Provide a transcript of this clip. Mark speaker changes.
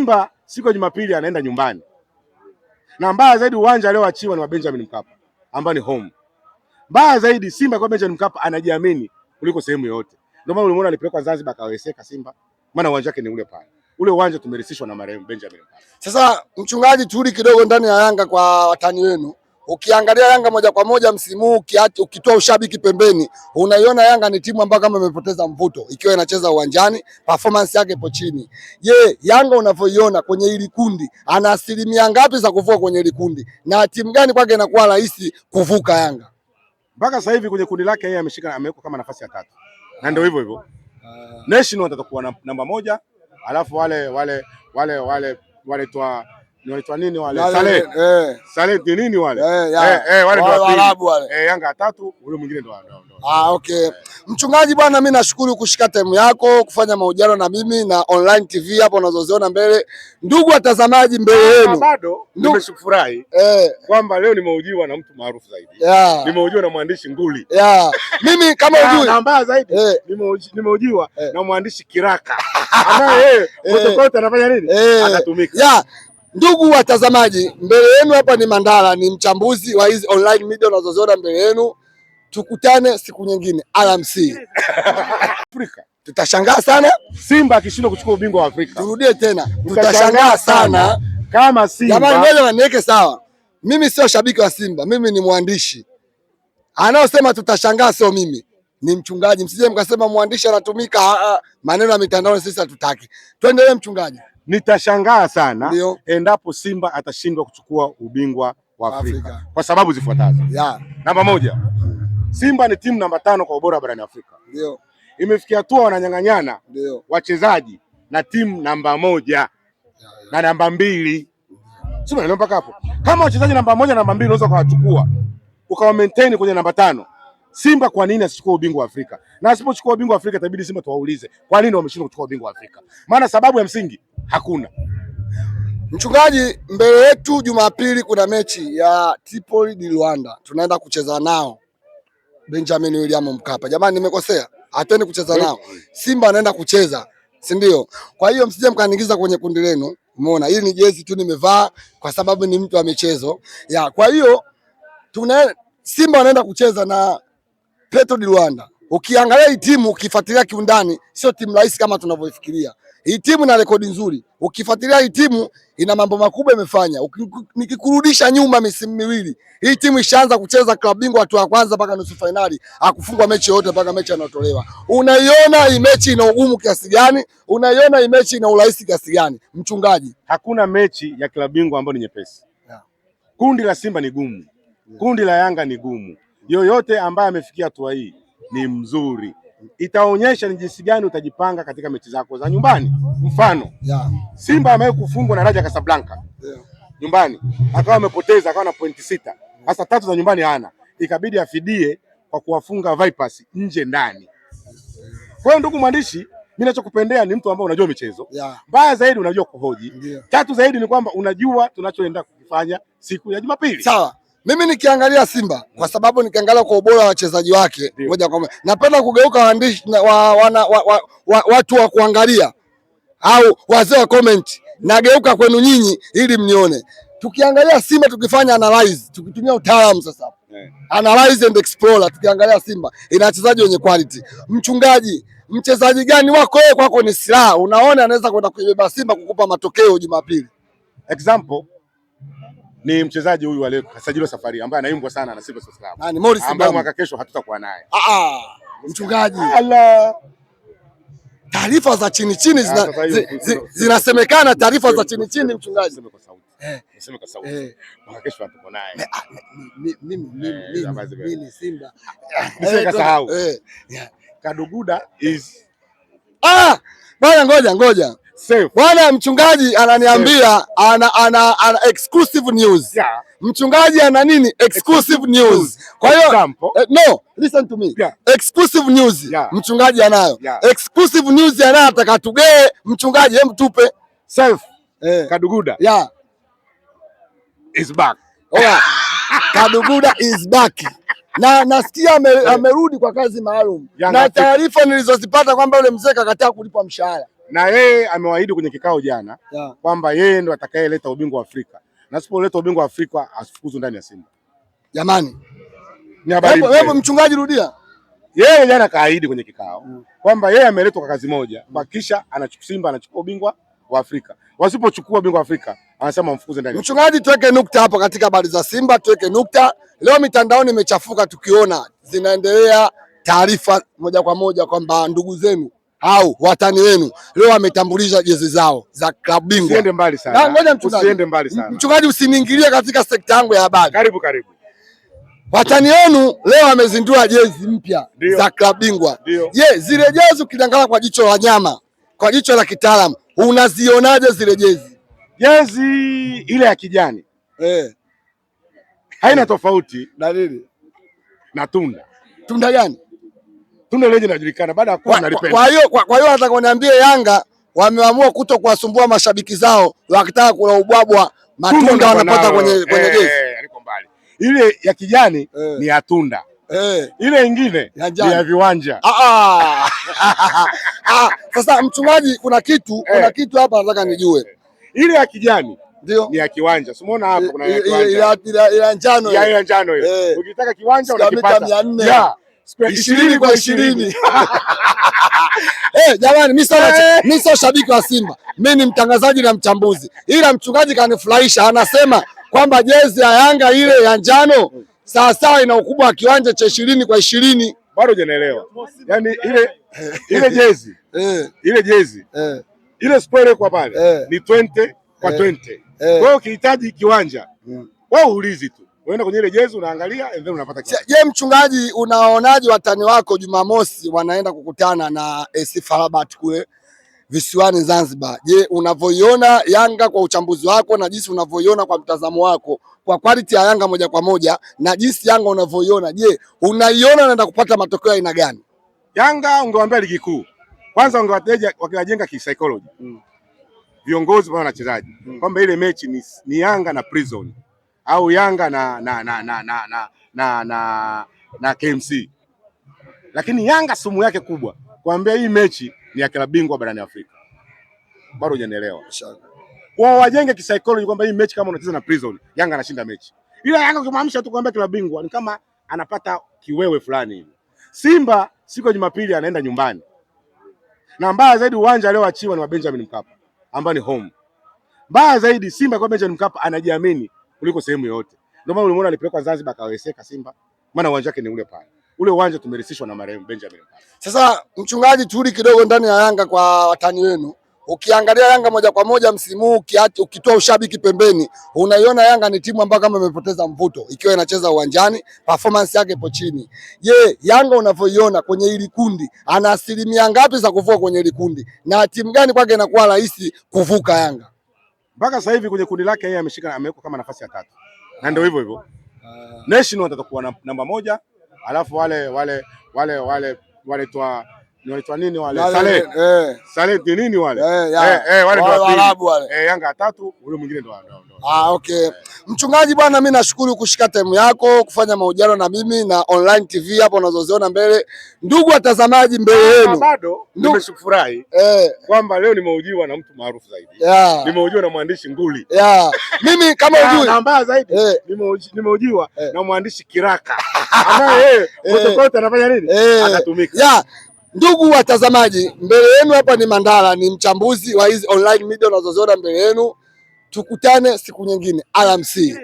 Speaker 1: Simba siku ya Jumapili anaenda nyumbani, na mbaya zaidi uwanja alioachiwa ni wa Benjamin Mkapa ambao ni home. Mbaya zaidi Simba kwa Benjamin Mkapa anajiamini kuliko sehemu yoyote. Ndio maana ulimwona alipelekwa Zanzibar akaweseka Simba, maana uwanja wake ni ule pale ule uwanja tumerisishwa na marehemu Benjamin Mkapa.
Speaker 2: Sasa mchungaji, turudi kidogo ndani ya Yanga kwa watani wenu Ukiangalia Yanga moja kwa moja msimu huu ukitoa ushabiki pembeni, unaiona Yanga ni timu ambayo kama imepoteza mvuto ikiwa inacheza uwanjani, performance yake ipo chini. Je, Yanga unavyoiona kwenye hili kundi, ana asilimia ngapi za kuvuka kwenye hili kundi, na timu gani kwake inakuwa rahisi kuvuka Yanga?
Speaker 1: Mpaka sasa hivi kwenye kundi lake yeye ameshika, amewekwa kama nafasi ya tatu, na ndio hivyo hivyo uh... National atakuwa namba moja, alafu wale wale wale wale wale toa Wanaitwa nini wale? sale Eh. sale ni nini wale?
Speaker 2: Eh, eh, eh, wale ndio Waarabu wale.
Speaker 1: Eh, Yanga tatu, yule mwingine ndio ndo
Speaker 2: Ah, okay. Eh. Mchungaji bwana, mimi nashukuru kushika time yako kufanya mahojiano na mimi na online TV hapo unazoziona mbele. Ndugu watazamaji mbele ah, yenu.
Speaker 1: Bado nimeshukurai eh, kwamba leo nimehojiwa na mtu maarufu zaidi. Yeah. Nimehojiwa na mwandishi nguli.
Speaker 2: Yeah. Mimi kama ujui. Na
Speaker 1: mbaya zaidi eh, nimehojiwa eh, na mwandishi kiraka. Ambaye yeye eh, anafanya nini? Eh, anatumika
Speaker 2: Yeah. Ndugu watazamaji, mbele yenu hapa ni Mandala, ni mchambuzi wa hizi online media unazoziona mbele yenu. Tukutane siku nyingine, alamsii. Afrika tutashangaa sana
Speaker 1: Simba akishindwa kuchukua ubingwa wa Afrika.
Speaker 2: Turudie tena, tutashangaa sana
Speaker 1: kama Simba. Jamani,
Speaker 2: wewe waniweke sawa, mimi sio shabiki wa Simba, mimi ni mwandishi. Anaosema tutashangaa sio mimi, ni mchungaji. Msije mkasema mwandishi anatumika ah, ah, maneno ya mitandao, sisi hatutaki. Tuendelee mchungaji
Speaker 1: nitashangaa sana Leo, endapo Simba atashindwa kuchukua ubingwa wa Afrika, Afrika kwa sababu zifuatazo. Yeah. Namba moja, Simba ni timu namba tano kwa ubora barani Afrika. Ndio. Imefikia hatua wananyang'anyana wachezaji na timu namba moja yeah, yeah, na namba mbili sio mpaka hapo. Kama wachezaji namba moja namba mbili unaweza ukawachukua ukawa maintain kwenye namba tano, Simba kwa nini asichukue ubingwa wa Afrika? Na asipochukua ubingwa wa Afrika itabidi Simba tuwaulize kwa nini wameshindwa kuchukua ubingwa wa Afrika, maana sababu ya msingi hakuna.
Speaker 2: Mchungaji, mbele yetu Jumapili kuna mechi ya Tripoli di Luanda, tunaenda kucheza nao Benjamin William Mkapa. Jamani, nimekosea, hatuendi kucheza nao, eh? Simba anaenda kucheza, si ndio? Kwa hiyo msije mkaningiza kwenye kundi lenu. Umeona, hili ni jezi tu nimevaa kwa sababu ni mtu wa michezo ya. Kwa hiyo tuna Simba anaenda kucheza na Petro di Luanda. Ukiangalia hii timu ukifuatilia kiundani, sio timu rahisi kama tunavyoifikiria. Hii timu ina rekodi nzuri, ukifuatilia hii timu ina mambo makubwa imefanya. Nikikurudisha nyuma misimu miwili, hii timu ishaanza kucheza klabu bingwa hatua ya kwanza mpaka nusu fainali, akufungwa mechi yoyote mpaka mechi anayotolewa. Unaiona hii mechi ina ugumu kiasi gani? Unaiona hii mechi ina urahisi kiasi gani? Mchungaji,
Speaker 1: hakuna mechi ya klabu bingwa ambayo ni nyepesi Kundi la Simba ni gumu Kundi la Yanga ni gumu. Yoyote ambaye amefikia hatua hii ni mzuri itaonyesha ni jinsi gani utajipanga katika mechi zako za nyumbani. Mfano yeah. Simba amewahi kufungwa na Raja Casablanca yeah. nyumbani akawa amepoteza akawa na pointi sita, hasa tatu za nyumbani hana, ikabidi afidie kwa kuwafunga Vipers nje ndani. Kwa hiyo ndugu mwandishi, mimi ninachokupendea ni mtu ambaye unajua michezo
Speaker 2: yeah. mbaya
Speaker 1: zaidi unajua kuhoji yeah. tatu zaidi ni kwamba unajua tunachoenda kukifanya siku ya Jumapili.
Speaker 2: Sawa. Mimi nikiangalia Simba kwa sababu nikiangalia kwa ubora wa wachezaji wake moja kwa moja, napenda kugeuka waandishi wa, wa, wa, wa, wa, watu wa kuangalia au wazee wa comment, nageuka kwenu nyinyi ili mnione. Tukiangalia Simba tukifanya analyze, tukitumia utaalamu sasa, yeah, analyze and explore, tukiangalia Simba ina wachezaji wenye quality. Mchungaji, mchezaji gani wako wewe kwako ni silaha, unaona anaweza kwenda kuibeba Simba kukupa matokeo Jumapili
Speaker 1: example ni mchezaji huyu wale kasajiliwa safari ambaye anaimbwa sana na Simba Sports Club.
Speaker 2: Ah, ni Morris ambaye
Speaker 1: mwaka kesho hatutakuwa naye.
Speaker 2: Ah ah, mchungaji.
Speaker 1: Allah.
Speaker 2: Taarifa za chini chini zina, ah, zinasemekana taarifa za chini chini mchungaji. Sema kwa
Speaker 1: sauti. Eh. Sema kwa sauti. Eh. Mwaka kesho hatuko naye.
Speaker 2: Ah, mimi mimi eh, mimi Simba.
Speaker 1: Niseme eh, kasahau. Eh. Kaduguda is
Speaker 2: Ah, bwana ngoja ngoja. Bwana mchungaji ananiambia ana, ana, ana exclusive news yeah. Mchungaji ana nini? Exclusive news. Kwa hiyo eh, no, listen to me yeah. Exclusive news
Speaker 1: yeah. Mchungaji anayo yeah.
Speaker 2: Exclusive news anayo, ataka tugee mchungaji, hem tupe self eh. Kaduguda yeah. is back. Oya. Oh, Kaduguda is back na nasikia amerudi kwa kazi maalum yeah, na taarifa nilizozipata kwamba yule mzee kakataa kulipwa mshahara
Speaker 1: na yeye amewaahidi kwenye kikao jana yeah, kwamba yeye ndo atakayeleta ubingwa wa Afrika na asipoleta ubingwa wa Afrika asifukuzwe ndani ya Simba.
Speaker 2: Jamani, ni habari wewe mchungaji, rudia.
Speaker 1: Yeye jana kaahidi kwenye kikao mm, kwamba yeye ameletwa kwa kazi moja mm. kuhakikisha anachukua Simba anachukua ubingwa wa Afrika. Wasipochukua ubingwa wa Afrika anasema mfukuze ndani.
Speaker 2: Mchungaji, tuweke nukta hapo katika habari za Simba, tuweke nukta. Leo mitandaoni imechafuka, tukiona zinaendelea taarifa moja kwa moja kwamba ndugu zenu au watani wenu leo wametambulisha jezi zao za klabu bingwa. Usiende mbali sana. Ngoja mchungaji,
Speaker 1: usiende mbali sana.
Speaker 2: Mchungaji, usiniingilie katika sekta yangu ya habari. Karibu karibu. Watani wenu leo wamezindua jezi mpya za klabu bingwa. Je, zile jezi ukiangalia kwa jicho la nyama, kwa jicho la kitaalamu, unazionaje zile jezi?
Speaker 1: Jezi ile ya kijani eh, haina tofauti na lile na tunda. Tunda gani? Tunda Legend linajulikana baada ya kuwa nalipenda. Kwa
Speaker 2: hiyo kwa hiyo nataka kuniambie Yanga wameamua kuto kuwasumbua mashabiki zao wakitaka kula ubwabwa matunda wanapata kwenye ee, kwenye eh, jezi. Eh,
Speaker 1: Aliko Ile ya kijani ee, ni ya tunda. Eh, ile nyingine ni ya viwanja.
Speaker 2: Ah ah. ah, Sasa mchungaji, kuna kitu ee, kuna kitu hapa nataka nijue.
Speaker 1: Ile ya kijani ndio ni ya kiwanja. simuona hapo kuna ya kiwanja.
Speaker 2: Ile ya njano hiyo.
Speaker 1: Ukitaka kiwanja unakipata
Speaker 2: ishirini kwa ishirini. Hey, eh, jamani, mi hey, eh. sio shabiki wa Simba, mi ni mtangazaji na mchambuzi, ila mchungaji kanifurahisha. Anasema kwamba jezi ya Yanga ile ya njano sawasawa ina ukubwa wa kiwanja cha ishirini kwa ishirini.
Speaker 1: Bado hujanielewa yani, ile ile jezi eh. ile jezi ile spoile kwa pale ni 20 kwa 20. Kwa hiyo ukihitaji kiwanja mm. wewe uulizi tu unaenda kwenye ile jezi unaangalia and then unapata kitu.
Speaker 2: Je, mchungaji, unaonaje watani wako Jumamosi wanaenda kukutana na AC Farabat kule visiwani Zanzibar? Je, unavyoiona Yanga kwa uchambuzi wako na jinsi unavyoiona kwa mtazamo wako kwa quality ya Yanga moja kwa moja na jinsi Yanga unavyoiona, je, unaiona unaenda kupata matokeo aina gani?
Speaker 1: Yanga ungewaambia ligi kuu kwanza, ungewateja wakiwajenga kisaikolojia mm. viongozi pamoja na wachezaji mm. kwamba ile mechi ni, ni Yanga na Prison mm au Yanga na na na na na na, na, na, na KMC, lakini Yanga sumu yake kubwa kuambia hii mechi ni ya klabu bingwa barani Afrika. Bado hujanielewa. Kwa wajenge kisaikolojia kwamba hii mechi kama unacheza na Prison, Yanga anashinda mechi. Ila Yanga ukimwamsha tu kwamba klabu bingwa ni kama anapata kiwewe fulani hivi. Simba siku ya Jumapili anaenda nyumbani. Na mbaya zaidi uwanja alioachiwa ni wa Benjamin Mkapa ambao ni home. Mbaya zaidi Simba kwa Benjamin Mkapa anajiamini kuliko sehemu yoyote. Ndio maana ulimwona alipelekwa Zanzibar akaweseka Simba, maana uwanja wake ni ule pale. Ule uwanja tumeritishwa na marehemu Benjamin Mkapa.
Speaker 2: Sasa mchungaji, turudi kidogo ndani ya Yanga kwa watani wenu. Ukiangalia Yanga moja kwa moja msimu huu, ukitoa ushabiki pembeni, unaiona Yanga ni timu ambayo kama imepoteza mvuto ikiwa inacheza uwanjani, performance yake ipo chini. Je, Yanga unavyoiona kwenye hili kundi, ana asilimia ngapi za kuvuka kwenye hili kundi, na timu gani kwake inakuwa rahisi kuvuka Yanga?
Speaker 1: mpaka sasa hivi kwenye kundi lake yeye ameshika amewekwa kama nafasi ya tatu, na ndio hivyo hivyo uh... national atakuwa namba moja, alafu wale wale wale wale wale toa Unaitwa nini wale? Sale. Eh. Sale ni nini wale?
Speaker 2: Eh, eh, eh wale ndio Waarabu wale.
Speaker 1: Eh, Yanga tatu, ule mwingine ndio ndo
Speaker 2: Ah, okay. Eh. Mchungaji bwana, mimi nashukuru kushika time yako kufanya mahojiano na mimi na online TV hapo unazoziona mbele. Ndugu watazamaji mbele ah, yenu.
Speaker 1: Bado nimeshukurai. eh, kwamba leo nimehojiwa na mtu maarufu zaidi. Yeah. Nimehojiwa na mwandishi nguli.
Speaker 2: Yeah. Mimi kama ujui. Na
Speaker 1: mbaya zaidi eh, nimehojiwa eh, na mwandishi kiraka. Ambaye yeye eh, anafanya nini? Eh, Anatumika.
Speaker 2: Yeah. Ndugu watazamaji, mbele yenu hapa ni Mandala, ni mchambuzi wa hizi online media unazoziona mbele yenu. Tukutane siku nyingine, alamsi.